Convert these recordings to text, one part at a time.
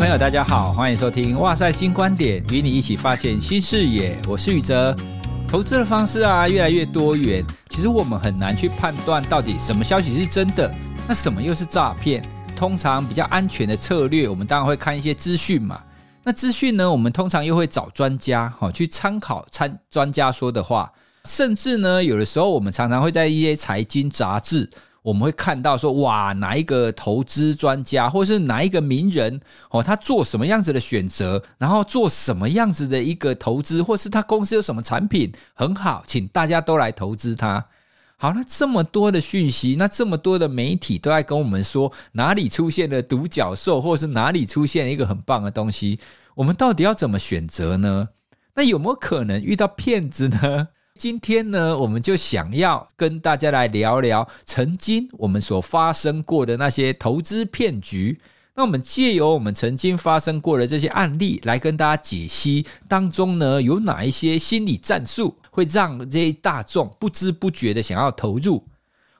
朋友，大家好，歡迎收聽《哇賽心觀點》，與你一起發現新視野。我是宇哲。投資的方式啊，越來越多元。其實我們很難去判斷到底什麼消息，是真的，那什麼又是詐騙？通常比較安全的策略，我們當然會看一些資訊嘛。那資訊呢，我們通常又會找專家哈去參考參專家說的話，甚至呢，有的時候我們常常會在一些財經雜誌。我們會看到說，哇，哪一個投資專家，或是哪一個名人，哦，他做什麼樣子的選擇，然後做什麼樣子的一個投資，或是他公司有什麼產品很好，請大家都來投資他。好，那這麼多的訊息，那這麼多的媒體都在跟我們說，哪裡出現了獨角獸，或者是哪裡出現了一個很棒的東西，我們到底要怎麼選擇呢？那有沒有可能遇到騙子呢？今天呢，我們就想要跟大家來聊聊曾經我們所發生過的那些投資騙局。那我們借由我們曾經發生過的這些案例，來跟大家解析當中呢，有哪一些心理戰術會讓這些大眾不知不覺的想要投入。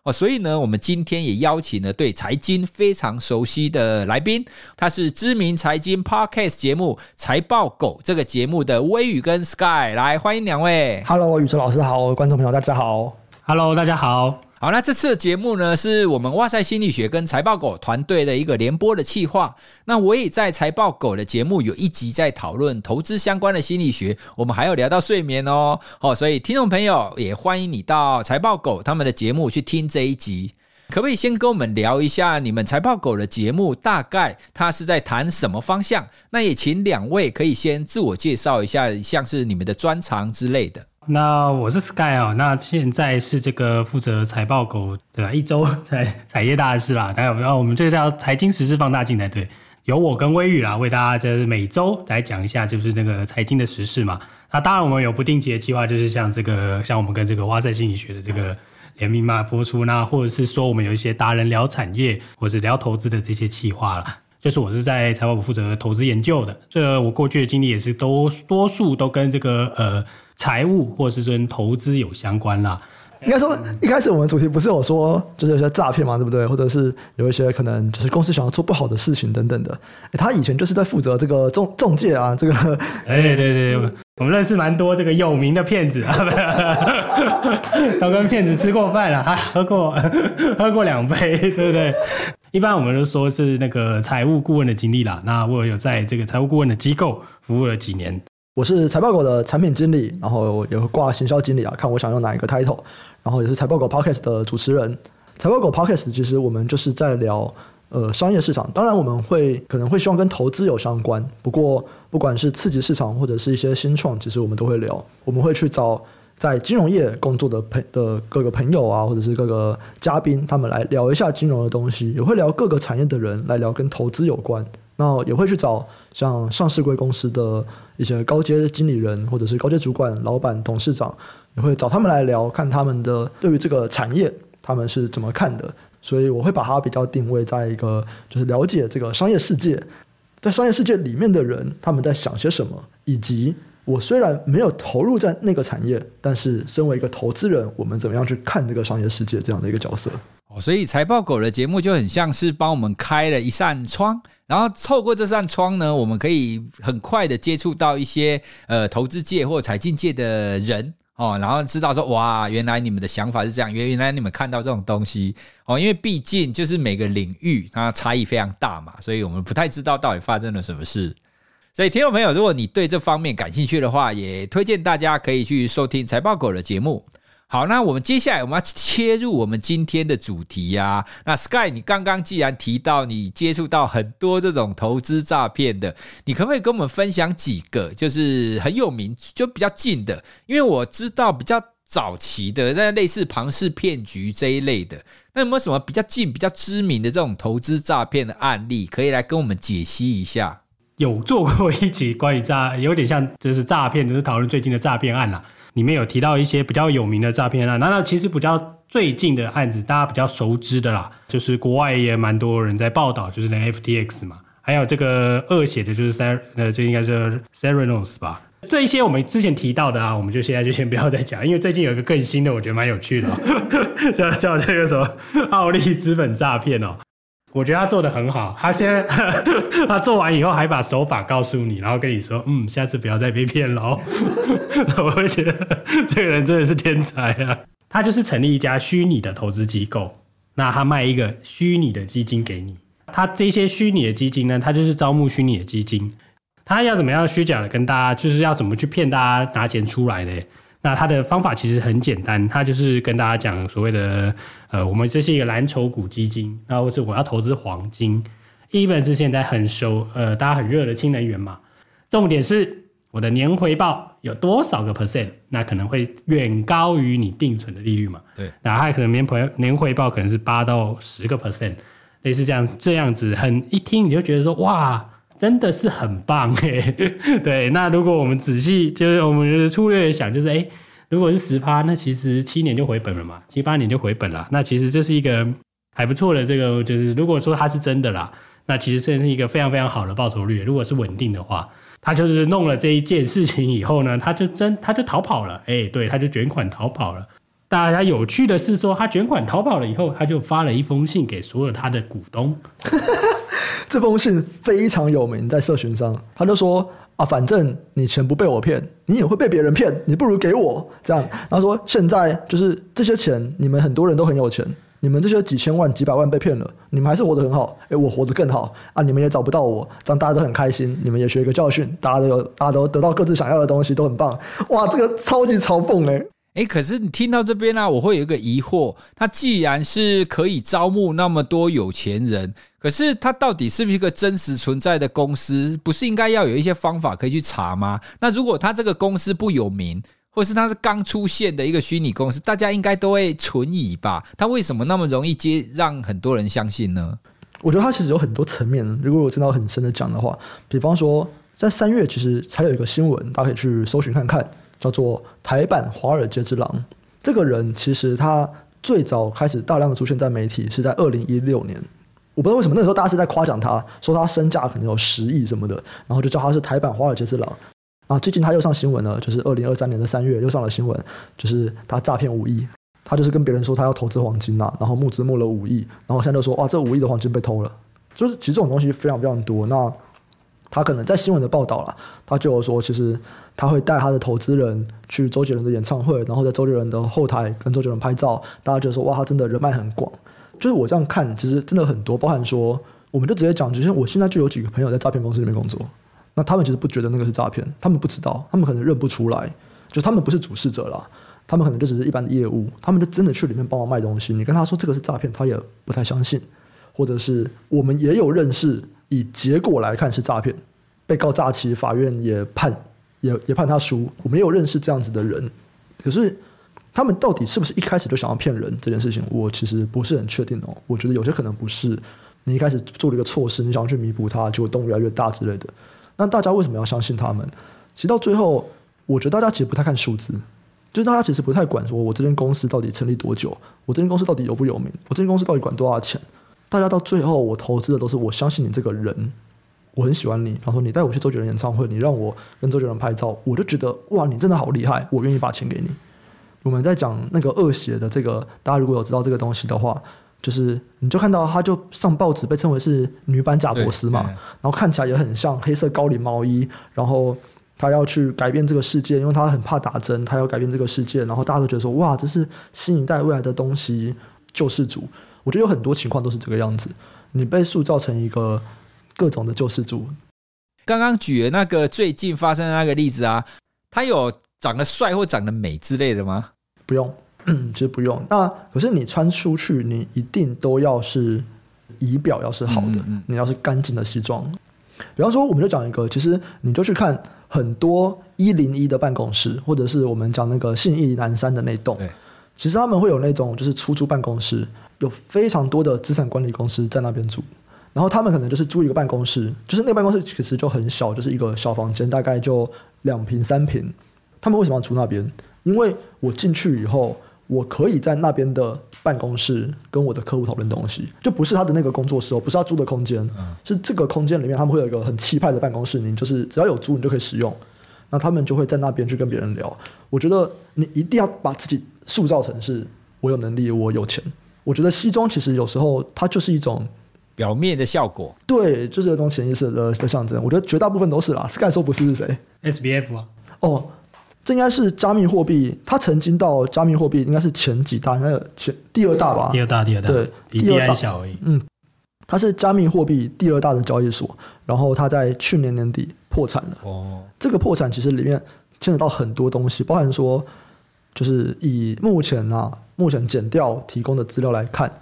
哦，所以呢，我們今天也邀請了對財經非常熟悉的來賓，他是知名財經 Podcast 節目《財報狗》這個節目的威宇跟 Sky。來，歡迎兩位。Hello，宇哲老師好，觀眾朋友大家好。Hello，大家好。好，那這次的節目呢，是我們哇賽心理學跟財報狗團隊的一個聯播的企劃。那我也在財報狗的節目有一集在討論投資相關的心理學，我們還有聊到睡眠哦。哦，所以聽眾朋友也歡迎你到財報狗他們的節目去聽這一集。可不可以先跟我們聊一下你們財報狗的節目大概他是在談什麼方向？那也請兩位可以先自我介紹一下，像是你們的專長之類的。那我是 Sky 啊，哦，那現在是這個負責財報狗，對吧？一周在產業大事啦，然後我們這個叫財經時事放大鏡，對，由我跟威宇啦為大家就是每周來講一下就是那個財經的時事嘛。那當然我們有不定期的計劃，就是像這個像我們跟這個哇賽心理學的這個聯名嘛播出，那或者是說我們有一些達人聊產業或者是聊投資的這些企劃了。就是我是在財報狗負責投資研究的，這我過去的經歷也是都多數都跟這個呃財務或者是跟投資有相關啦。應該說一開始我們主題不是有說就是有些詐騙嘛，對不對？或者是有一些可能就是公司想要做不好的事情等等的。欸、他以前就是在負責這個中中介啊，這個哎，對對對、嗯，我們認識蠻多這個有名的騙子啊，都 跟騙子吃過飯了、啊，還喝過喝過兩杯，對不對？一般我們都說是那個財務顧問的經歷啦。那我有在這個財務顧問的機構服務了幾年。我是財報狗的產品經理，然後也會掛行銷經理啊，看我想用哪一個 title。然後也是財報狗 Podcast 的主持人。財報狗 Podcast 其實我們就是在聊呃商業市場，當然我們會可能會希望跟投資有相關。不過不管是次級市場或者是一些新創，其實我們都會聊。我們會去找。在金融業工作的朋的各個朋友啊，或者是各個嘉賓，他們來聊一下金融的東西，也會聊各個產業的人來聊跟投資有關。那也會去找像上市櫃公司的一些高階經理人，或者是高階主管、老板、董事長，也會找他們來聊，看他們的對於這個產業他們是怎麼看的。所以我會把它比較定位在一個，就是了解這個商業世界，在商業世界裡面的人他們在想些什麼，以及。我雖然沒有投入在那個產業，但是身為一個投資人，我們怎麼樣去看這個商業世界這樣的一個角色？哦，所以財報狗的節目就很像是幫我們開了一扇窗，然後透過這扇窗呢，我們可以很快的接觸到一些呃投資界或財經界的人哦，然後知道說哇，原來你們的想法是這樣，原原來你們看到這種東西哦，因為畢竟就是每個領域它差異非常大嘛，所以我們不太知道到底發生了什麼事。所以，聽眾朋友，如果你對這方面感興趣的話，也推薦大家可以去收聽《財報狗》的節目。好，那我們接下來我們要切入我們今天的主題呀、啊。那 Sky，你剛剛既然提到你接觸到很多這種投資詐騙的，你可不可以跟我們分享幾個，就是很有名、就比較近的？因為我知道比較早期的那類似龐氏騙局這一類的，那有沒有什麼比較近、比較知名的這種投資詐騙的案例，可以來跟我們解析一下？有做過一起關於詐，有點像就是詐騙，就是詐騙，就是討論最近的詐騙案啦。裡面有提到一些比較有名的詐騙案，那那其實比較最近的案子，大家比較熟知的啦，就是國外也蠻多人在報道，就是那個 FTX 嘛，還有這個惡血的就是 s e 呃，這應該是 Serenos 吧。這一些我們之前提到的啊，我們就現在就先不要再講，因為最近有一個更新的，我覺得蠻有趣的、喔，叫叫這個什麼傲利資本詐騙哦。我覺得他做得很好，他先他做完以後還把手法告訴你，然後跟你說，嗯，下次不要再被騙了。 」 我會覺得這個人真的是天才啊！ 他就是成立一家虛擬的投資機構，那他賣一個虛擬的基金給你，他這些虛擬的基金呢，他就是招募虛擬的基金，他要怎麼樣虛假的跟大家，就是要怎麼去騙大家拿錢出來呢？那它的方法其實很簡單，它就是跟大家講所謂的，呃，我們這是一個藍籌股基金，然後是我要投資黃金，even 是現在很熟，呃，大家很熱的氫能源嘛。重點是，我的年回報有多少個 percent？那可能會遠高於你定存的利率嘛？對。然後它可能年回報年回報可能是八到十個 percent，類似這樣這樣子很，很一聽你就覺得說哇。真的是很棒哎， 對。那如果我們仔細，就是我們就是粗略的想，就是哎、欸，如果是十趴，那其實七年就回本了嘛，七八年就回本了。那其實這是一個還不錯的這個，就是如果說它是真的啦，那其實這是一個非常非常好的報酬率。如果是穩定的話，他就是弄了這一件事情以後呢，他就真他就逃跑了，哎、欸，對，他就捲款逃跑了。大家有趣的是說，他捲款逃跑了以後，他就發了一封信給所有他的股東。 這封信非常有名，在社群上，他就說啊，反正你錢不被我騙，你也會被別人騙，你不如給我這樣。他說，現在就是這些錢，你們很多人都很有錢，你們這些幾千萬、幾百萬被騙了，你們還是活得很好，哎，我活得更好啊，你們也找不到我，這樣大家都很開心，你們也學一個教訓，大家都有，大家都得到各自想要的東西，都很棒，哇，這個超級嘲諷哎。誒，可是你聽到這邊呢、啊，我會有一個疑惑。他既然是可以招募那麼多有錢人，可是他到底是不是一個真實存在的公司？不是應該要有一些方法可以去查嗎？那如果他這個公司不有名，或是他是剛出現的一個虛擬公司，大家應該都會存疑吧？他為什麼那麼容易接，讓很多人相信呢？我覺得他其實有很多層面。如果我真的很深的講的話，比方說在三月，其實才有一個新聞，大家可以去搜尋看看。叫做台版華爾街之狼，這個人其實他最早開始大量的出現在媒體，是在二零一六年。我不知道為什麼那時候大家是在誇獎他，說他身價可能有十億什麼的，然後就叫他是台版華爾街之狼。啊。最近他又上新聞了，就是二零二三年的三月又上了新聞，就是他詐騙五億，他就是跟別人說他要投資黃金吶、啊，然後募資募了五億，然後現在就說哇，這五億的黃金被偷了。就是其實這種東西非常非常多。那他可能在新聞的報道了，他就說其實他會帶他的投資人去周杰倫的演唱會，然後在周杰倫的後台跟周杰倫拍照。大家就說哇，他真的人脈很廣。就是我這樣看，其實真的很多，包含說我們就直接講，就是我現在就有幾個朋友在詐騙公司裡面工作，那他們其實不覺得那個是詐騙，他們不知道，他們可能認不出來，就他們不是主事者了，他們可能就只是一般的業務，他們就真的去裡面幫忙賣東西。你跟他說這個是詐騙，他也不太相信。或者是我們也有認識，以結果來看是詐騙，被告詐欺，法院也判也，也也判他輸。我們也有認識這樣子的人，可是他們到底是不是一開始就想要騙人這件事情，我其實不是很確定哦。我覺得有些可能不是，你一開始做了一個錯事，你想要去彌補他，結果洞越來越大之類的。那大家為什麼要相信他們？其實到最後，我覺得大家其實不太看數字，就是大家其實不太管說，我這間公司到底成立多久，我這間公司到底有不有名，我這間公司到底管多少錢。大家到最後，我投資的都是我相信你這個人，我很喜歡你。然後說你帶我去周杰倫演唱會，你讓我跟周杰倫拍照，我就覺得哇，你真的好厲害，我願意把錢給你。我們在講那個惡血的這個，大家如果有知道這個東西的話，就是你就看到他就上報紙被稱為是女版賈伯斯嘛，然後看起來也很像黑色高領毛衣，然後他要去改變這個世界，因為他很怕打針，他要改變這個世界，然後大家都覺得說哇，這是新一代未來的東西救世主。我覺得有很多情況都是這個樣子，你被塑造成一個各種的救世主。剛剛舉的那個最近發生的那個例子啊，他有長得帥或長得美之類的嗎？不用，嗯，其實不用。那可是你穿出去，你一定都要是儀表要是好的，嗯嗯。你要是乾淨的西裝。比方說，我們就講一個，其實你就去看很多一零一的辦公室，或者是我們講那個信義南山的那棟，其實他們會有那種就是出租辦公室，有非常多的資產管理公司在那邊租，然後他們可能就是租一個辦公室，就是那個辦公室其實就很小，就是一個小房間，大概就兩坪三坪。他們為什麼要租那邊？因為我進去以後，我可以在那邊的辦公室跟我的客戶討論東西，就不是他的那個工作室，不是他租的空間，是這個空間裡面他們會有一個很氣派的辦公室，你就是只要有租，你就可以使用。那他們就會在那邊去跟別人聊。我覺得你一定要把自己塑造成是我有能力，我有錢。我覺得西裝其實有時候它就是一種表面的效果，對，就是一種潛意識的的象徵。我覺得絕大部分都是啦，Sky 說不是是誰？SBF 啊？哦，這應該是加密貨幣，它曾經到加密貨幣應該是前幾大，應該是前第二大吧？第二大，第二大，對，第，第二大。小而已。嗯，它是加密貨幣第二大的交易所，然後它在去年年底破產了。哦，這個破產其實裡面牽扯到很多東西，包含說，就是以目前呢、啊。目前檢調提供的資料來看，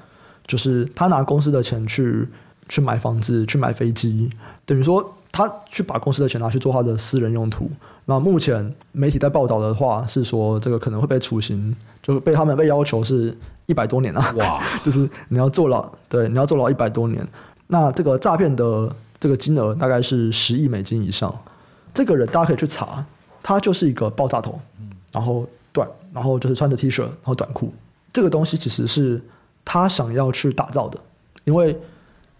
就是他拿公司的錢去去買房子，去買飛機，等於說他去把公司的錢拿去做他的私人用途。那目前媒體在報道的話是說，這個可能會被處刑，就被他們被要求是一百多年啊！哇， 就是你要坐牢，對，你要坐牢一百多年。那這個詐騙的這個金額大概是十億美金以上。這個人大家可以去查，他就是一個爆炸頭，然後短，然後就是穿着 T 恤，和短褲。這個東西其實是他想要去打造的，因為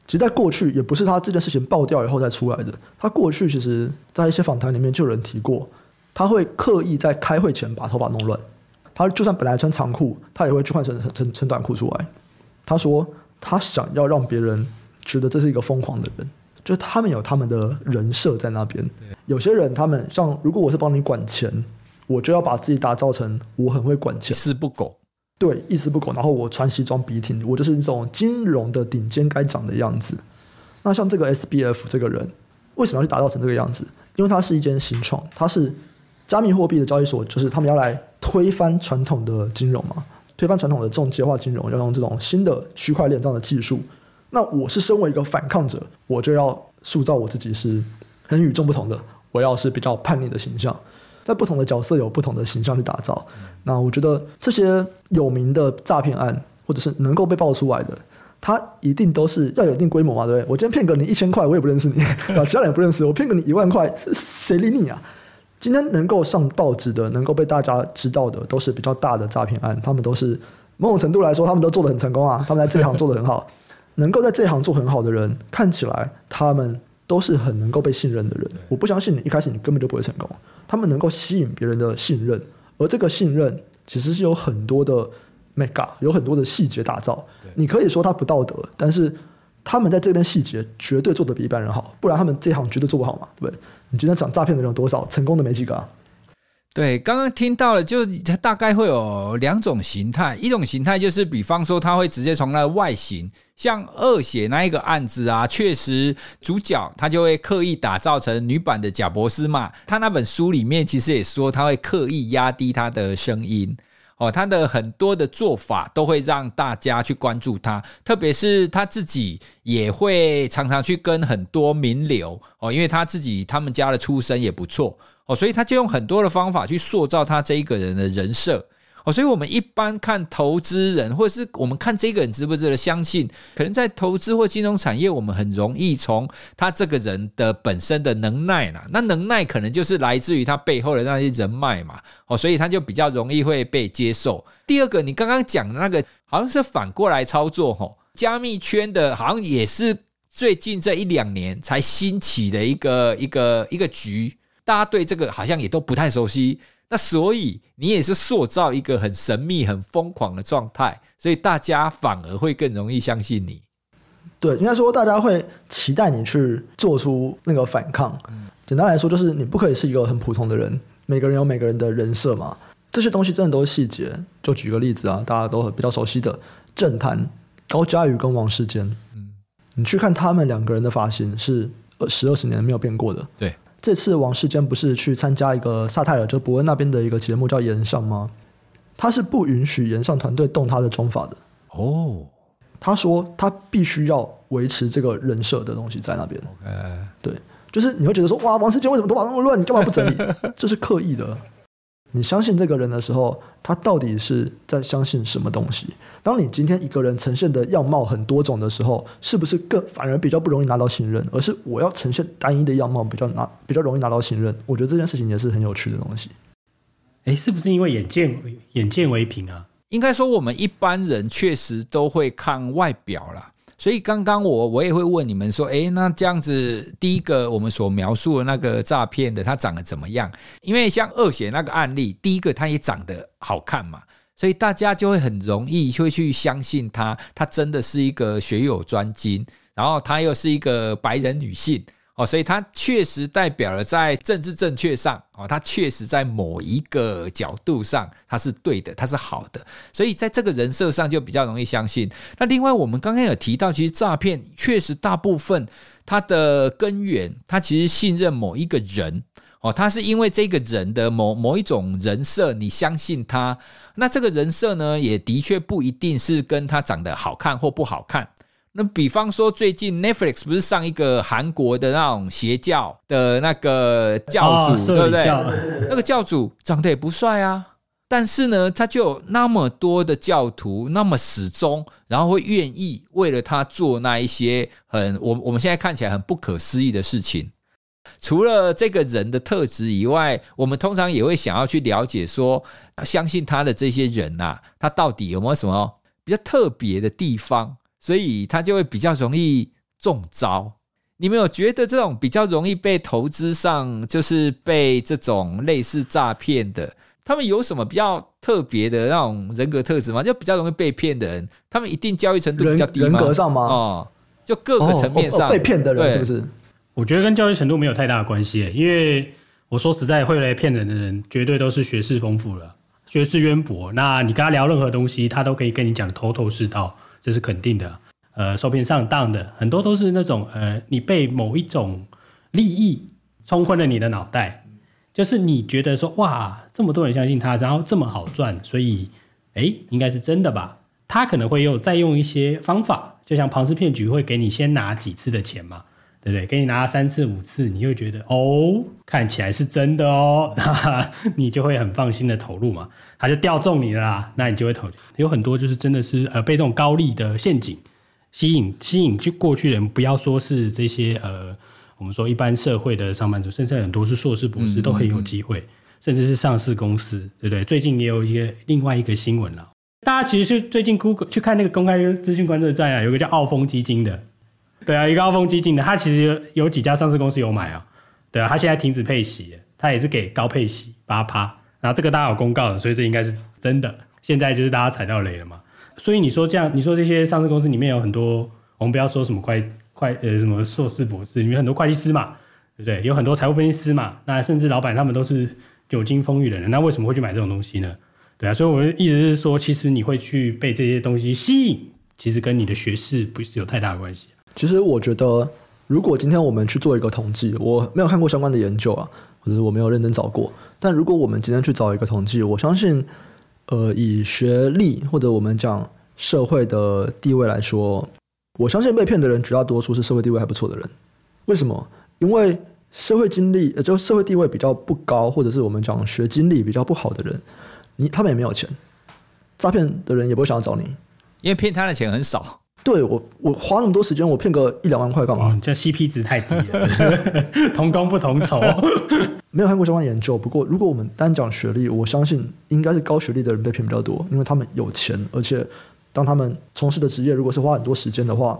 其實，在過去也不是他這件事情爆掉以後再出來的。他過去其實，在一些訪談裡面就有人提過，他會刻意在開會前把頭髮弄亂，他就算本來穿長褲，他也會去換成成成短褲出來。他說他想要讓別人覺得這是一個瘋狂的人，就是他們有他們的人設在那邊。有些人他們像，如果我是幫你管錢，我就要把自己打造成我很會管錢，一絲不苟。對，一絲不苟。然後我穿西裝筆挺，我就是這種金融的頂尖該長的樣子。那像這個 SBF 這個人，為什麼要去打造成這個樣子？因為他是一間新創，他是加密貨幣的交易所，就是他們要來推翻傳統的金融嘛，推翻傳統的中介化金融，要用這種新的區塊鏈這樣的技術。那我是身為一個反抗者，我就要塑造我自己是很與眾不同的，我要是比較叛逆的形象。在不同的角色有不同的形象去打造。那我覺得這些有名的詐騙案，或者是能夠被爆出來的，它一定都是要有一定規模啊，對不對？我今天騙個你一千塊，我也不認識你，對 其他人也不認識我騙個你一萬塊，誰理你啊？今天能夠上報紙的，能夠被大家知道的，都是比較大的詐騙案。他們都是某種程度來說，他們都做得很成功啊。他們在這行做得很好， 能夠在這行做很好的人，看起來他們。都是很能夠被信任的人，我不相信你一開始你根本就不會成功。他們能夠吸引別人的信任，而這個信任其實是有很多的，make up，有很多的細節打造。你可以說他不道德，但是他們在這邊細節絕對做的比一般人好，不然他們這行絕對做不好嘛，對不對？你今天講詐騙的人有多少，成功的沒幾個啊。對，剛剛聽到了，就它大概會有兩種形態，一種形態就是比方說他會直接從那外形。像惡血那一個案子啊，確實主角他就會刻意打造成女版的賈伯斯嘛。他那本書裡面其實也說，他會刻意壓低他的聲音哦，他的很多的做法都會讓大家去關注他，特別是他自己也會常常去跟很多名流哦，因為他自己他們家的出身也不錯哦，所以他就用很多的方法去塑造他這一個人的人設。所以，我們一般看投資人，或者是我們看這個人，值不值得相信？可能在投資或金融產業，我們很容易從他這個人的本身的能耐啦，那能耐可能就是來自於他背後的那些人脈嘛。哦，所以他就比較容易會被接受。第二個，你剛剛講的那個，好像是反過來操作，哈，加密圈的，好像也是最近這一兩年才興起的一個一個一個局，大家對這個好像也都不太熟悉。那所以你也是塑造一個很神秘、很瘋狂的狀態，所以大家反而會更容易相信你。對，應該說大家會期待你去做出那個反抗。嗯、簡單來說，就是你不可以是一個很普通的人。每個人有每個人的人設嘛，這些東西真的都是細節。就舉個例子啊，大家都很比較熟悉的政壇，高嘉瑜跟王世堅，嗯，你去看他們兩個人的髮型是十、二十年沒有變過的，對。這次王世堅不是去參加一個薩泰爾，就伯恩那邊的一個節目叫《演上》嗎？他是不允許演上團隊動他的妝髮的。哦、oh.，他說他必須要維持這個人設的東西在那邊。Okay. 對，就是你會覺得說，哇，王世堅為什麼頭髮那麼亂？你幹嘛不整理？ 這是刻意的。你相信這個人的時候，他到底是在相信什麼東西？當你今天一個人呈現的樣貌很多種的時候，是不是更反而比較不容易拿到信任？而是我要呈現單一的樣貌，比較拿比較容易拿到信任。我覺得這件事情也是很有趣的東西。誒。是不是因為眼見眼見為憑啊？應該說，我們一般人確實都會看外表啦。所以剛剛我我也會問你們說，哎、欸，那這樣子，第一個我們所描述的那個詐騙的，它長得怎麼樣？因為像惡血那個案例，第一個它也長得好看嘛，所以大家就會很容易就會去相信它，它真的是一個學有專精，然後他又是一個白人女性。哦，所以它確實代表了在政治正確上，哦，它確實在某一個角度上它是對的，它是好的，所以在這個人設上就比較容易相信。那另外，我們剛剛有提到，其實詐騙確實大部分它的根源，它其實信任某一個人，哦，他是因為這個人的某某一種人設，你相信他，那這個人設呢，也的確不一定是跟他長得好看或不好看。那比方說，最近 Netflix 不是上一個韓國的那種邪教的那個教主、哦教，對不對？那個教主長得也不帥啊，但是呢，他就那麼多的教徒，那麼死忠，然後會願意為了他做那一些很我我們現在看起來很不可思議的事情。除了這個人的特質以外，我們通常也會想要去了解說，相信他的這些人吶、啊，他到底有沒有什麼比較特別的地方？所以他就會比較容易中招。你沒有覺得這種比較容易被投資上,就是被這種類似詐騙的,他們有什麼比較特別的那種人格特質嗎？就比較容易被騙的人,他們一定教育程度比較低嗎？人格上嗎？哦,就各個層面上、哦哦哦、被騙的人是不是?我覺得跟教育程度沒有太大關係。因為我說實在,會來騙人的人,絕對都是學識豐富了,學識淵博。那你跟他聊任何東西,他都可以跟你講得頭頭是道。這是肯定的，呃，受騙上當的很多都是那種，呃，你被某一種利益沖昏了你的腦袋，就是你覺得說，哇，這麼多人相信他，然後這麼好賺，所以，誒，應該是真的吧？他可能會又再用一些方法，就像龐氏騙局會給你先拿幾次的錢嘛，對不對？給你拿三次、五次，你就覺得哦，看起來是真的哦，那你就會很放心的投入嘛。他就釣中你了啦，那你就會投。有很多就是真的是呃被這種高利的陷阱吸引，吸引去過去的人。不要說是這些呃，我們說一般社會的上班族，甚至很多是碩士博士都很有機會嗯嗯嗯，甚至是上市公司，對不對？最近也有一些另外一個新聞了，大家其實是最近 Google 去看那個公開資訊觀測站啊，有個叫澳豐基金的，對啊，一個澳豐基金的，他其實有有幾家上市公司有買啊，對啊，他現在停止配息，他也是給高配息八趴。8然後這個大家有公告的，所以這應該是真的。現在就是大家踩到雷了嘛。所以你說這樣，你說這些上市公司裡面有很多，我們不要說什麼會會呃什麼碩士博士，裡面有很多會計師嘛，對不對？有很多財務分析師嘛。那甚至老板他們都是久經風雨的人，那為什麼會去買這種東西呢？對啊，所以我的意思是說，其實你會去被這些東西吸引，其實跟你的學士不是有太大的關係。其實我覺得，如果今天我們去做一個統計，我沒有看過相關的研究啊。或者是我沒有認真找過，但如果我們今天去找一個統計，我相信，呃，以學歷或者我們講社會的地位來說，我相信被騙的人絕大多數是社會地位還不錯的人。為什麼？因為社會經歷，呃，就社會地位比較不高，或者是我們講學經歷比較不好的人，你他們也沒有錢，詐騙的人也不會想要找你，因為騙他的錢很少。對我，我花那麼多時間，我騙個一兩萬塊幹嘛？這 CP 值太低了。 同工不同酬。 沒有看過相關研究，不過如果我們單講學歷，我相信應該是高學歷的人被騙比較多，因為他們有錢，而且當他們從事的職業如果是花很多時間的話，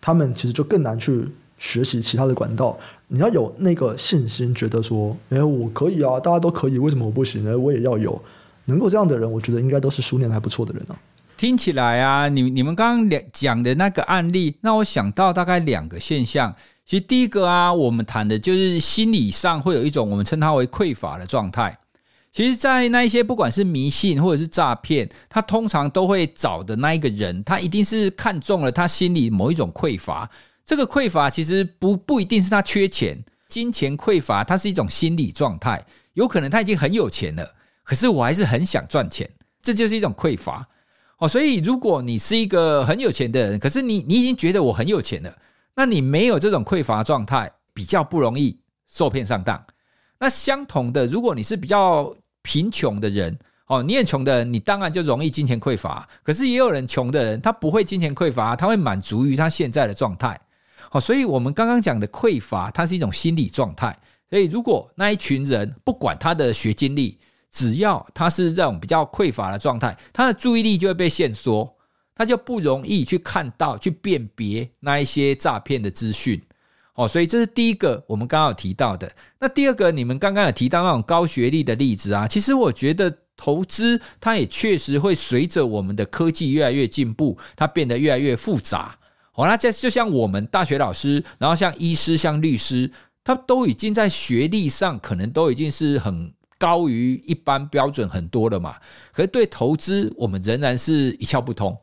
他們其實就更難去學習其他的管道。你要有那個信心，覺得說，哎、欸，我可以啊，大家都可以，為什麼我不行呢？我也要有能夠這樣的人，我覺得應該都是書念的還不錯的人呢、啊。聽起來啊，你你們剛剛講的那個案例，讓我想到大概兩個現象。其實第一個啊，我們談的就是心理上會有一種我們稱它為匱乏的狀態。其實，在那一些不管是迷信或者是詐騙，他通常都會找的那一個人，他一定是看中了他心裡某一種匱乏。這個匱乏其實不不一定是他缺錢，金錢匱乏，它是一種心理狀態。有可能他已經很有錢了，可是我還是很想賺錢，這就是一種匱乏。哦，所以如果你是一個很有錢的人，可是你你已經覺得我很有錢了，那你沒有這種匱乏狀態，比較不容易受騙上當。那相同的，如果你是比較貧窮的人，哦，你很窮的人，你當然就容易金錢匱乏。可是也有人窮的人，他不會金錢匱乏，他會滿足於他現在的狀態。哦，所以我們剛剛講的匱乏，它是一種心理狀態。所以如果那一群人不管他的學經歷，只要他是這種比較匱乏的狀態，他的注意力就會被限縮，他就不容易去看到、去辨別那一些詐騙的資訊。哦，所以這是第一個我們剛剛有提到的。那第二個，你們剛剛有提到那種高學歷的例子啊，其實我覺得投資它也確實會隨着我們的科技越來越進步，它變得越來越複雜。好了，這就像我們大學老師，然後像醫師、像律師，他都已經在學歷上可能都已經是很。高於一般標準很多的嘛，可是對投資，我們仍然是一竅不通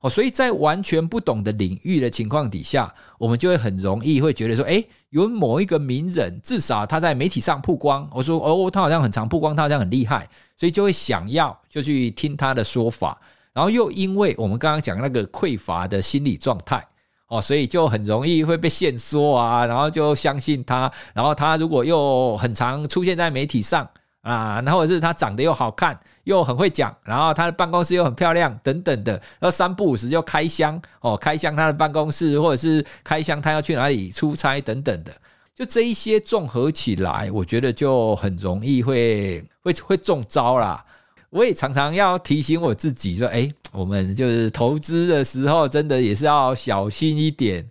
哦。所以在完全不懂的領域的情況底下，我們就會很容易會覺得說：“誒、欸，有某一個名人，至少他在媒體上曝光。”我說：“哦，他好像很常曝光，他好像很厲害。”所以就會想要就去聽他的說法，然後又因為我們剛剛講那個匱乏的心理狀態哦，所以就很容易會被限縮啊，然後就相信他。然後他如果又很常出現在媒體上，啊，然後是他長得又好看，又很會講，然後他的辦公室又很漂亮，等等的。然後三不五時就開箱哦，開箱他的辦公室，或者是開箱他要去哪裡出差等等的。就這一些綜合起來，我覺得就很容易會會會中招啦。我也常常要提醒我自己說，哎，我們就是投資的時候，真的也是要小心一點。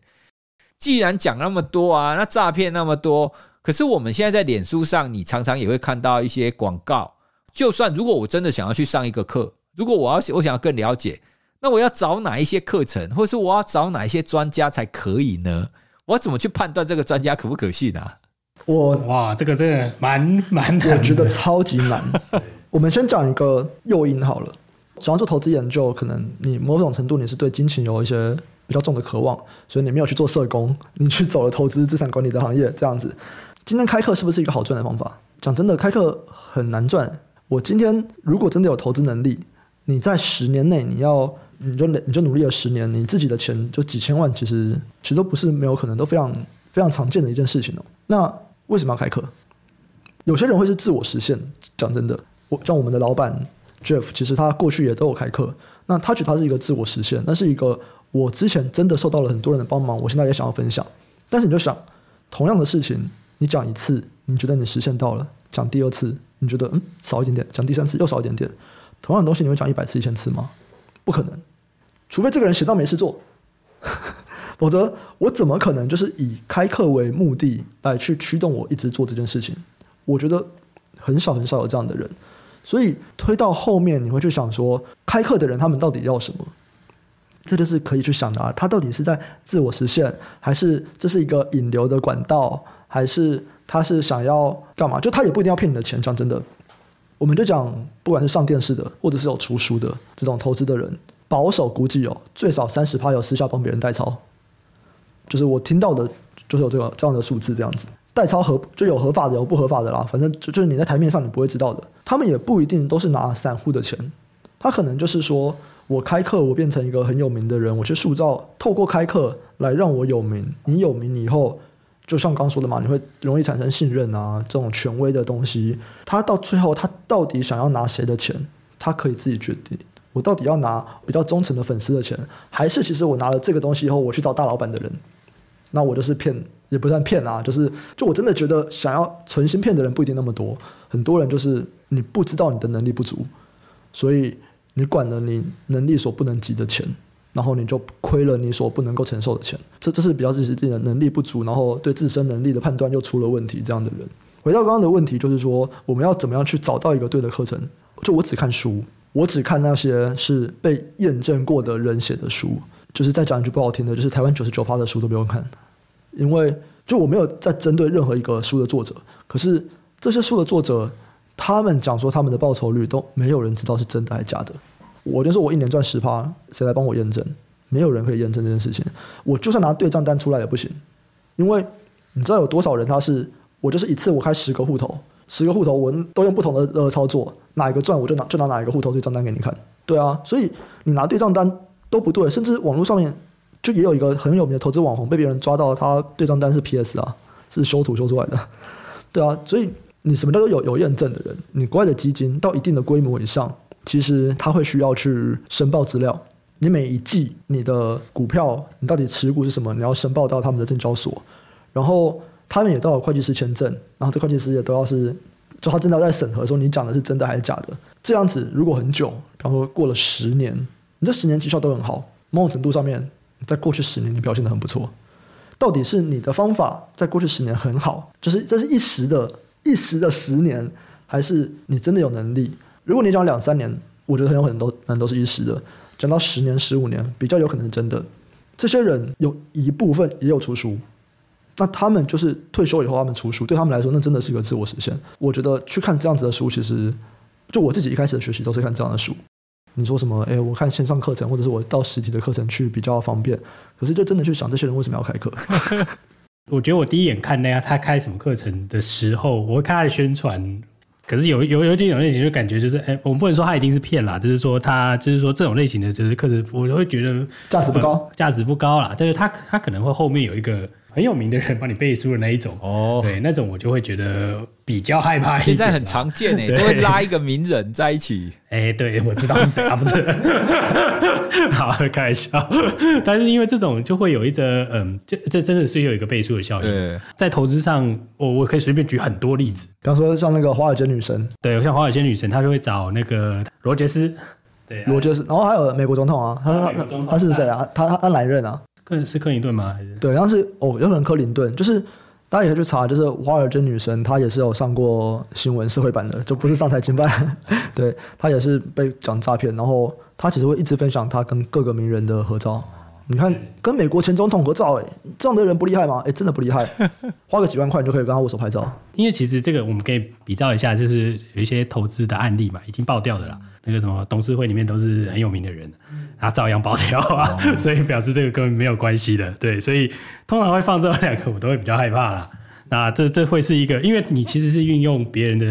既然講那麼多啊，那詐騙那麼多。可是我們現在在臉書上，你常常也會看到一些廣告。就算如果我真的想要去上一個課，如果我要我想要更了解，那我要找哪一些課程，或者是我要找哪一些專家才可以呢？我要怎麼去判斷這個專家可不可信呢？啊？我哇，這個真的蠻蠻，我覺得超級難。 我們先講一個誘因好了。想要做投資研究，可能你某種程度你是對金錢有一些比較重的渴望，所以你沒有去做社工，你去走了投資資產管理的行業這樣子。今天開課是不是一個好賺的方法？講真的，開課很難賺。我今天如果真的有投資能力，你在十年內你，你要你就你就努力了十年，你自己的錢就幾千萬，其實其實都不是沒有可能，都非常非常常見的一件事情哦。那為什麼要開課？有些人會是自我實現。講真的，我像我們的老板 Jeff，其實他過去也都有開課，那他覺得他是一個自我實現，那是一個我之前真的受到了很多人的幫忙，我現在也想要分享。但是你就想同樣的事情。你講一次，你覺得你實現到了；講第二次，你覺得嗯少一點點；講第三次又少一點點。同樣的東西，你會講一百次、一千次嗎？不可能，除非這個人閒到沒事做。 否則，我怎麼可能就是以開課為目的來去驅動我一直做這件事情？我覺得很少很少有這樣的人。所以推到後面，你會去想說，開課的人他們到底要什麼？這就是可以去想的啊。他到底是在自我實現，還是這是一個引流的管道？還是他是想要幹嘛？就他也不一定要騙你的錢，講真的，我們就講，不管是上電視的，或者是有出書的這種投資的人，保守估計哦，最少三十趴有私下幫別人代操，就是我聽到的，就是有這個這樣的數字這樣子。代操和就有合法的，有不合法的啦，反正就就是你在台面上你不會知道的，他們也不一定都是拿散戶的錢，他可能就是說我開課，我變成一個很有名的人，我去塑造，透過開課來讓我有名，你有名以後。就像剛剛說的嘛，你會容易產生信任啊，這種權威的東西，他到最後他到底想要拿誰的錢，他可以自己決定。我到底要拿比較忠誠的粉絲的錢，還是其實我拿了這個東西以後，我去找大老板的人，那我就是騙，也不算騙啊，就是就我真的覺得想要存心騙的人不一定那麼多，很多人就是你不知道你的能力不足，所以你管了你能力所不能及的錢。然後你就虧了你所不能夠承受的錢，這這是比較自己自己的能力不足，然後對自身能力的判斷又出了問題，這樣的人。回到剛剛的問題，就是說我們要怎麼樣去找到一個對的課程？就我只看書，我只看那些是被驗證過的人寫的書。就是再講一句不好聽的，就是台灣九十九趴的書都不用看，因為就我沒有在針對任何一個書的作者。可是這些書的作者，他們講說他們的報酬率都沒有人知道是真的還是假的。我就是說，我一年賺十趴，誰來幫我驗證？沒有人可以驗證這件事情。我就算拿對賬單出來也不行，因為你知道有多少人他是我就是一次我開十個戶頭，十個戶頭我都用不同的操作，哪一個賺我就拿就拿哪一個戶頭對賬單給你看。對啊，所以你拿對賬單都不對，甚至網絡上面就也有一個很有名的投資網紅被別人抓到，他對賬單是 PS 啊，是修圖修出來的。對啊，所以你什麼叫做有有驗證的人？你國外的基金到一定的規模以上。其實他會需要去申報資料，你每一季，你的股票，你到底持股是什麼，你要申報到他們的證交所，然後他們也到了會計師簽證，然後這會計師也都要是，就他正在在審核說你講的是真的還是假的。這樣子如果很久，比方說過了十年，你這十年績效都很好，某種程度上面，在過去十年你表現得很不錯，到底是你的方法在過去十年很好，就是這是一時的，一時的十年，還是你真的有能力？如果你講兩三年，我覺得很有可能都可能都是一時的；講到十年、十五年，比較有可能是真的。這些人有一部分也有出書，那他們就是退休以後，他們出書，對他們來說，那真的是一個自我實現。我覺得去看這樣子的書，其實就我自己一開始的學習都是看這樣的書。你說什麼？誒，我看線上課程，或者是我到實體的課程去比較方便。可是，就真的去想，這些人為什麼要開課？ 我覺得我第一眼看那家他開什麼課程的時候，我會看他的宣傳。可是有有有這種類型，就感覺就是，哎、欸，我們不能說他一定是騙啦，就是說他就是說這種類型的，就是客人，我就會覺得價值不高，呃、價值不高啦。但是他他可能會後面有一個。很有名的人幫你背書的那一種哦，對，那種我就會覺得比較害怕、啊。現在很常見、欸、都會拉一個名人在一起。哎、 欸，對，我知道是誰啊， 不是知道？ 好，開玩笑。 但是因為這種就會有一個嗯，這這真的是有一個背書的效應。欸、在投資上，我我可以隨便舉很多例子，比方說像那個華爾街女神，對，像華爾街女神，她就會找那個羅傑斯，對、啊，羅杰斯，然、哦、後還有美國總統啊，他他他是誰啊？他他來任啊？克是克林頓嗎？還是，對，但是哦，有可能克林頓，就是大家也可以去查，就是華爾街女神，她也是有上過新聞社會版的，就不是上財經版。對，呵呵，對她也是被講詐騙，然後她其實會一直分享她跟各個名人的合照。哦、你看，對對對，跟美國前總統合照、欸，哎，這樣的人不厲害嗎？哎、欸，真的不厲害，花個幾萬塊你就可以跟他握手拍照。因為其實這個我們可以比較一下，就是有一些投資的案例嘛，已經爆掉的了啦、嗯。那個什麼董事會裡面都是很有名的人。啊，照樣爆掉啊、嗯，所以表示這個跟沒有關係的，對，所以通常會放這兩個，我都會比較害怕啦。那這這會是一個，因為你其實是運用別人的，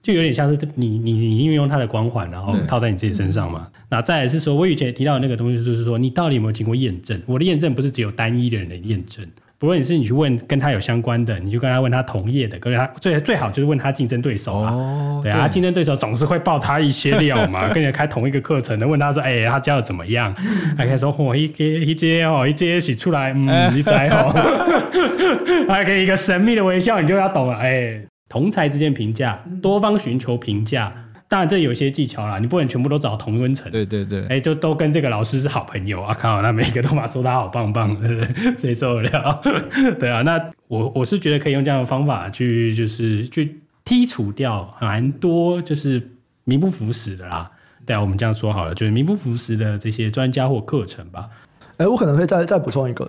就有點像是你你你運用他的光環，然後套在你自己身上嘛。嗯、那再來是說，我以前提到那個東西，就是說你到底有沒有經過驗證？我的驗證不是只有單一的人的驗證。不論你是你去問跟他有相關的，你就跟他問他同業的，跟他最最好就是問他競爭對手啊。Oh, 對啊，競爭對手總是會爆他一些料嘛。 跟你開同一個課程的，問他說：“哎、欸，他教的怎麼樣？”他開始說：“哦，一接，一接，一階洗出來，嗯，一摘哦。 ” 還給一個神秘的微笑，你就要懂了。哎、欸，同才之間評價，多方尋求評價。當然，這有些技巧啦，你不能全部都找同溫層。對對對，誒、欸，就都跟這個老師是好朋友啊靠，看好了，每一個都把說他好棒棒，嗯、對不對,對？誰受得了？ 對啊，那我我是覺得可以用這樣的方法去，就是去剔除掉很多就是名不符實的啦。對啊，我們這樣說好了，就是名不符實的這些專家或課程吧。誒、欸，我可能會再再補充一個，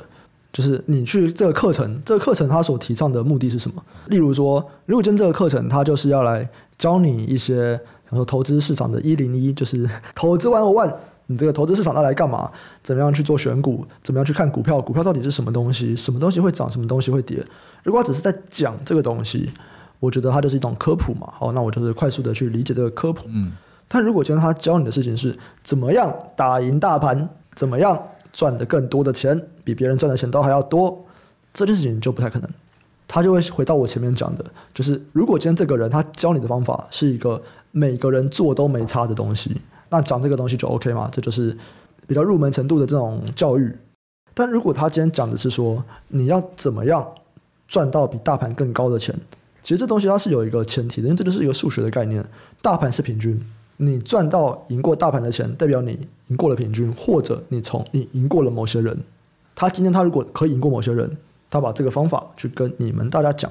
就是你去這個課程，這個課程他所提倡的目的是什麼？例如說，如果今天這個課程他就是要來教你一些。然後投資市場的一零一就是投資萬萬，你這個投資市場要來幹嘛？怎麼樣去做選股？怎麼樣去看股票？股票到底是什麼東西？什麼東西會漲？什麼東西會跌？如果只是在講這個東西，我覺得它就是一種科普嘛。好，那我就是快速的去理解這個科普。但如果今天他教你的事情是怎麼樣打贏大盤，怎麼樣賺的更多的錢，比別人賺的錢都還要多，這件事情就不太可能。他就會回到我前面講的，就是如果今天這個人他教你的方法是一個。每個人做都沒差的東西，那講這個東西就 OK 嘛？這就是比較入門程度的這種教育。但如果他今天講的是說，你要怎麼樣賺到比大盤更高的錢，其實這東西它是有一個前提的，因為這就是一個數學的概念。大盤是平均，你賺到贏過大盤的錢，代表你贏過了平均，或者你從你贏過了某些人。他今天他如果可以贏過某些人，他把這個方法去跟你們大家講，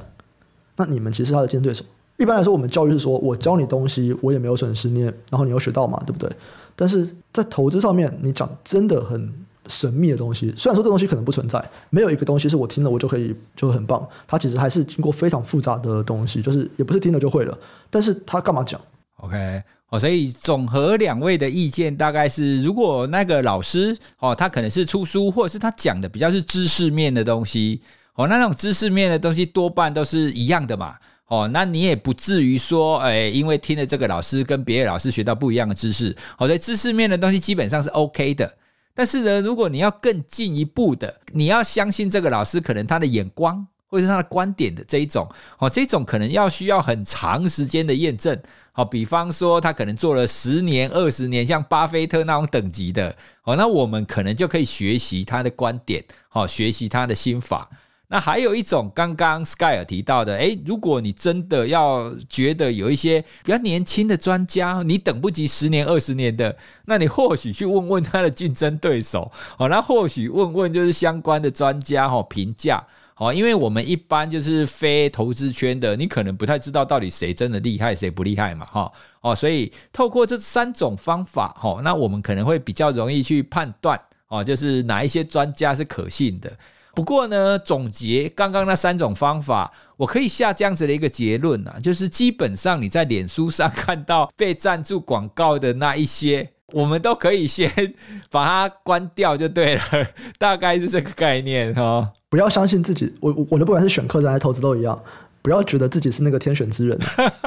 那你們其實是他的競爭對手。一般來說，我們教育是說我教你東西，我也沒有損失，你也，然後你有學到嘛，對不對？但是在投資上面，你講真的很神秘的東西。雖然說這東西可能不存在，沒有一個東西是我聽了我就可以就很棒。它其實還是經過非常複雜的東西，就是也不是聽了就會了。但是他幹嘛講？OK，哦，所以總和兩位的意見大概是，如果那個老師哦，他可能是出書，或者是他講的比較是知識面的東西哦，那種知識面的東西多半都是一樣的嘛。哦，那你也不至於說，哎、欸，因為聽了這個老師跟別的老師學到不一樣的知識。好、哦，在知識面的東西基本上是 OK 的。但是呢，如果你要更進一步的，你要相信這個老師，可能他的眼光或者是他的觀點的這一種，哦，這一種可能要需要很長時間的驗證。好、哦，比方說他可能做了十年、二十年，像巴菲特那種等級的，哦，那我們可能就可以學習他的觀點，好、哦，學習他的心法。那還有一種，剛剛 Sky 爾提到的，誒，如果你真的要覺得有一些比較年輕的專家，你等不及十年二十年的，那你或許去問問他的競爭對手，好、哦，那或許問問就是相關的專家哈、哦、評價，好、哦，因為我們一般就是非投資圈的，你可能不太知道到底誰真的厲害，誰不厲害嘛，哈，哦，所以透過這三種方法哈、哦，那我們可能會比較容易去判斷哦，就是哪一些專家是可信的。不過呢，總結剛剛那三種方法，我可以下這樣子的一個結論啊，就是基本上你在臉書上看到被贊助廣告的那一些，我們都可以先把它關掉就對了，大概是這個概念哈、哦。不要相信自己，我我我的不管是選課還是投資都一樣，不要覺得自己是那個天選之人。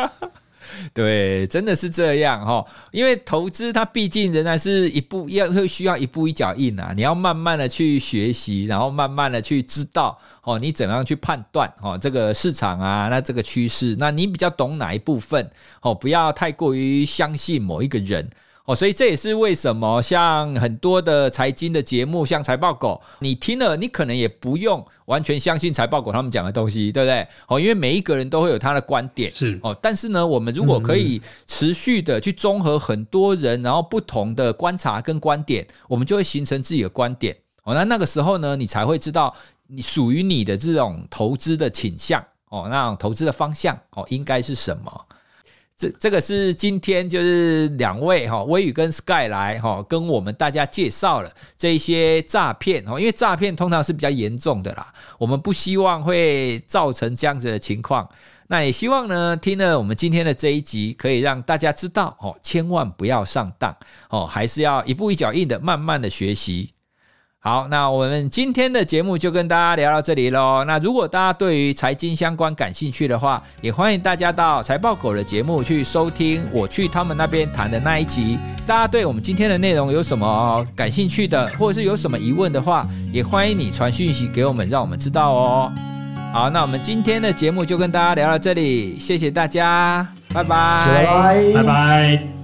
對，真的是這樣哈，因為投資它畢竟仍然是一步要會需要一步一腳印啊，你要慢慢的去學習，然後慢慢的去知道哦，你怎樣去判斷哦這個市場啊，那這個趨勢，那你比較懂哪一部分哦？不要太過於相信某一個人。哦，所以這也是為什麼像很多的財經的節目，像財報狗，你聽了你可能也不用完全相信財報狗他們講的東西，對不對？哦，因為每一個人都會有他的觀點，是哦。但是呢，我們如果可以持續的去綜合很多人、嗯、然後不同的觀察跟觀點，我們就會形成自己的觀點。哦，那那個時候呢，你才會知道你屬於你的這種投資的傾向哦，那種投資的方向哦應該是什麼。這這個是今天就是兩位哈，威宇跟 Sky 來哈，跟我們大家介紹了這些詐騙哦，因為詐騙通常是比較嚴重的啦，我們不希望會造成這樣子的情況。那也希望呢，聽了我們今天的這一集，可以讓大家知道哦，千萬不要上當哦，還是要一步一腳印的慢慢的學習。好，那我們今天的節目就跟大家聊到這裡嘍。那如果大家對於財經相關感興趣的話，也歡迎大家到財報狗的節目去收聽，我去他們那邊談的那一集。大家對我們今天的內容有什麼感興趣的，或者是有什麼疑問的話，也歡迎你傳訊息給我們，讓我們知道哦。好，那我們今天的節目就跟大家聊到這裡，謝謝大家，拜拜，拜拜。拜拜，拜拜。